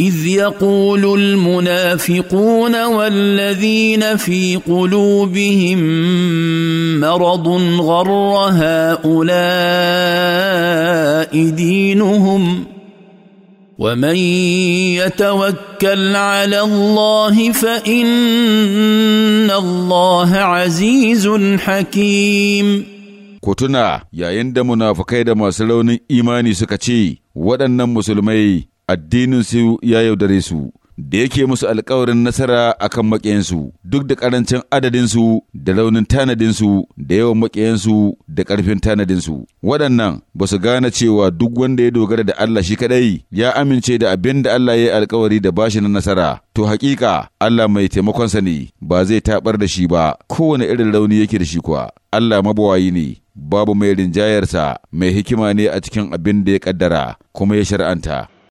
اذ يقول المنافقون والذين في قلوبهم مرض غر هؤلاء دينهم ومن يتوكل على الله فان الله عزيز حكيم كتنا يا إند منافقين ما masu إيماني imani suka مسلمي addininsu ya yaudare su, da yake musu alkawarin nasara akan maƙiyansu duk da ƙarancin adadinsu da raunin tanadinsu da yawan maƙiyansu da ƙarfin tanadinsu. Waɗannan ba su gane cewa duk wanda ya dogara da Allah shi kaɗai ya amince da abin da Allah ya yi alkawari da bashi na nasara. To haƙiƙa Allah mai taimakonsa ne ba zai taɓar da shi ba kowane irin rauni yake da shi kuwa. Allah mabawayi ne. Babu mai rinjayarsa mai hikima ne a cikin abin da ya ƙaddara kuma ya shar'anta.